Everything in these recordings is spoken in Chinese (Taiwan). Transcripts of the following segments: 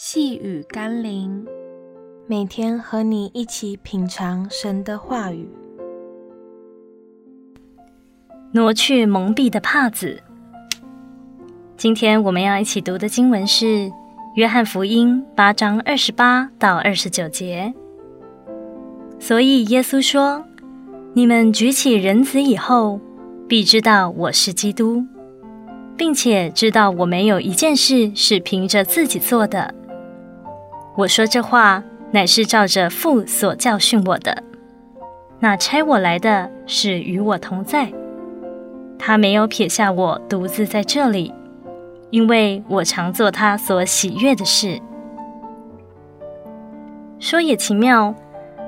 細語甘霖，每天和你一起品嚐神的話語。挪去蒙蔽的帕子。今天我們要一起讀的經文是《約翰福音》八章二十八到二十九節。所以耶穌說：“你們舉起人子以後，必知道我是基督，並且知道我沒有一件事是憑着自己做的。”我說這話乃是照着父所教訓我的。那差我來的是與我同在，他沒有撇下我獨自在這裡，因為我常做他所喜悅的事。說也奇妙，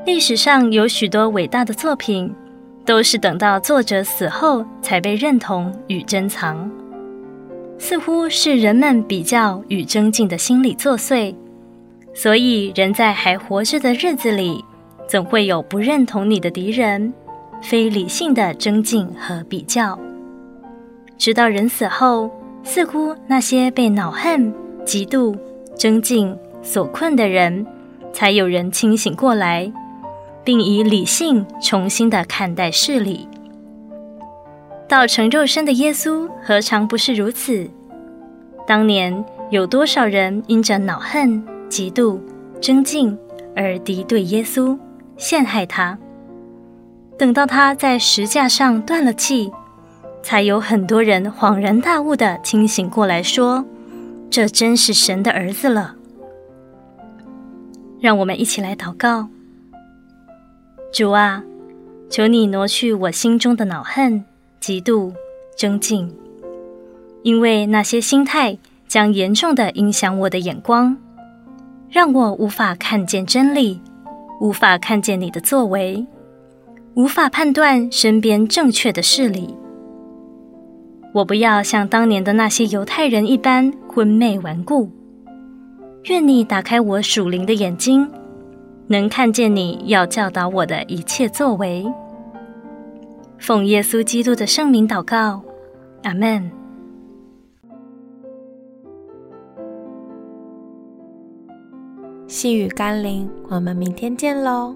歷史上有許多偉大的作品，都是等到作者死後才被認同與珍藏，似乎是人們比較與爭競的心理作祟。所以，人在還活着的日子裡，總會有不認同你的敵人，非理性地爭競和比較。直到人死後，似乎那些被惱恨、嫉妒、爭競所困的人，才有人清醒過來，並以理性重新地看待事理。道成肉身的耶穌何嘗不是如此？當年有多少人因着惱恨，嫉妒、爭競而敵對耶穌，陷害他。等到他在十架上斷了氣，才有很多人恍然大悟地清醒過來，說：“這真是神的兒子了。”讓我們一起來禱告：主啊，求你挪去我心中的惱恨、嫉妒、爭競，因為那些心態將嚴重地影響我的眼光。讓我無法看見真理，無法看見你的作為，無法判斷身邊正確的事理。我不要像當年的那些猶太人一般昏昧頑固。願你打開我屬靈的眼睛，能看見你要教導我的一切作為。奉耶穌基督的聖名禱告，阿們。細語甘霖，我們明天見嘍。